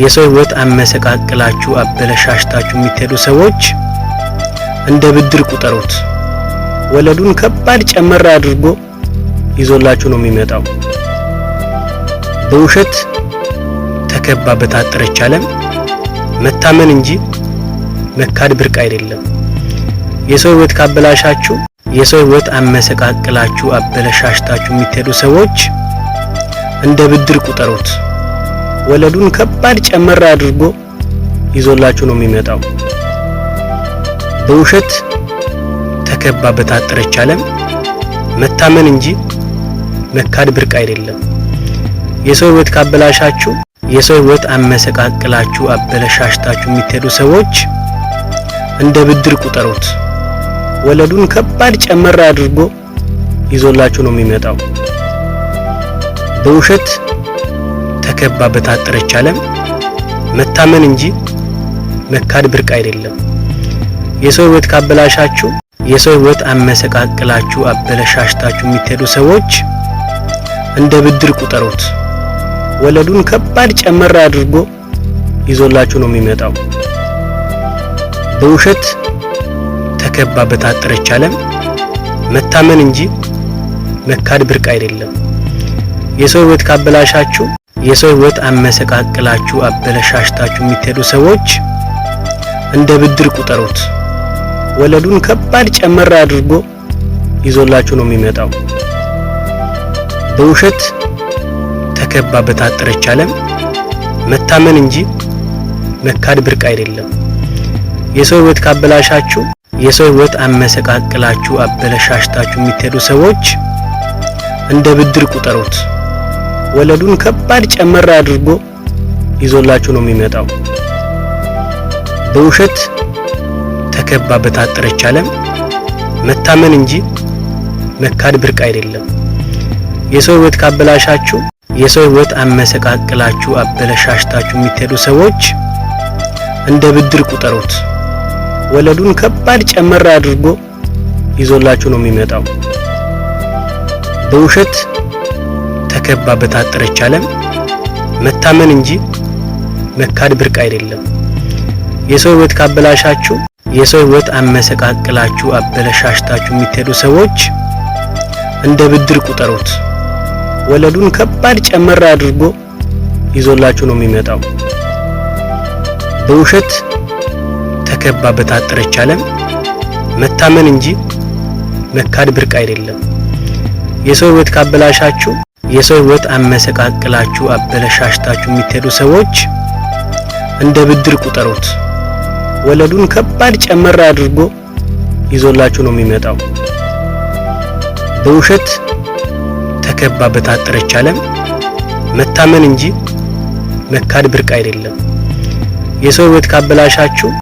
የሰው ህይወት አመሰቃቅላችሁ አበለሻሽታችሁ የምትሄዱ ሰዎች እንደ ብድር ቁጠሩት። ወለዱን ከባድ ጨመር አድርጎ ይዞላችሁ ነው የሚመጣው። በውሸት ተከባ በታጠረች ዓለም መታመን እንጂ መካድ ብርቅ አይደለም። የሰው ህይወት ካበላሻችሁ፣ የሰው ህይወት አመሰቃቅላችሁ አበለሻሽታችሁ የምትሄዱ ሰዎች እንደ ብድር ቁጠሩት። ወለዱን ከባድ ጨመር አድርጎ ይዞላችሁ ነው የሚመጣው። በውሸት ተከባ በታጠረች ዓለም መታመን እንጂ መካድ ብርቅ አይደለም። የሰው ሕይወት ካበላሻችሁ፣ የሰው ሕይወት አመሰቃቅላችሁ አበለሻሽታችሁ የሚትሄዱ ሰዎች እንደ ብድር ቁጠሩት። ወለዱን ከባድ ጨመር አድርጎ ይዞላችሁ ነው የሚመጣው በውሸት ተከባ በታጠረች ዓለም መታመን እንጂ መካድ ብርቅ አይደለም የሰው ህይወት ካበላሻችሁ የሰው ህይወት አመሰቃቅላችሁ አበለሻሽታችሁ የሚትሄዱ ሰዎች እንደ ብድር ቁጠሩት ወለዱን ከባድ ጨመር አድርጎ ይዞላችሁ ነው የሚመጣው በውሸት ተከባ በታጠረች ዓለም መታመን እንጂ መካድ ብርቅ አይደለም። የሰው ህይወት ካበላሻችሁ፣ የሰው ህይወት አመሰቃቅላችሁ አበለሻሽታችሁ የሚትሄዱ ሰዎች እንደ ብድር ቁጠሩት። ወለዱን ከባድ ጨመር አድርጎ ይዞላችሁ ነው የሚመጣው። በውሸት ተከባ በታጠረች ዓለም መታመን እንጂ መካድ ብርቅ አይደለም። የሰው ህይወት ካበላሻችሁ የሰው ህይወት አመሰቃቅላችሁ አበለሻሽታችሁ የምትሄዱ ሰዎች እንደ ብድር ቁጠሩት። ወለዱን ከባድ ጨመር አድርጎ ይዞላችሁ ነው የሚመጣው። በውሸት ተከባ በታጠረች ዓለም መታመን እንጂ መካድ ብርቅ አይደለም። የሰው ህይወት ካበላሻችሁ የሰው ህይወት አመሰቃቅላችሁ አበለሻሽታችሁ የሚትሄዱ ሰዎች እንደ ብድር ቁጠሩት። ወለዱን ከባድ ጨመር አድርጎ ይዞላችሁ ነው የሚመጣው። በውሸት ተከባ በታጠረች ዓለም መታመን እንጂ መካድ ብርቅ አይደለም። የሰው ሕይወት ካበላሻችሁ፣ የሰው ሕይወት አመሰቃቅላችሁ አበለሻሽታችሁ የሚትሄዱ ሰዎች እንደ ብድር ቁጠሩት። ወለዱን ከባድ ጨመር አድርጎ ይዞላችሁ ነው የሚመጣው በውሸት ተከባ በታጠረች ዓለም መታመን እንጂ መካድ ብርቅ አይደለም የሰው ህይወት ካበላሻችሁ የሰው ህይወት አመሰቃቅላችሁ አበለሻሽታችሁ የምትሄዱ ሰዎች እንደ ብድር ቁጠሩት ወለዱን ከባድ ጨመር አድርጎ ይዞላችሁ ነው የሚመጣው በውሸት ተከባ በታጠረች ዓለም መታመን እንጂ መካድ ብርቅ አይደለም። የሰው ህይወት ካበላሻችሁ፣ የሰው ህይወት አመሰቃቅላችሁ አበለሻሽታችሁ የምትሄዱ ሰዎች እንደ ብድር ቁጠሩት። ወለዱን ከባድ ጨመር አድርጎ ይዞላችሁ ነው የሚመጣው። በውሸት ተከባ በታጠረች ዓለም መታመን እንጂ መካድ ብርቅ አይደለም። የሰው ህይወት ካበላሻችሁ የሰው ሕይወት አመሰቃቅላችሁ አበለሻሽታችሁ የሚትሄዱ ሰዎች እንደ ብድር ቁጠሩት። ወለዱን ከባድ ጨመር አድርጎ ይዞላችሁ ነው የሚመጣው። በውሸት ተከባ በታጠረች ዓለም መታመን እንጂ መካድ ብርቅ አይደለም። የሰው ሕይወት ካበላሻችሁ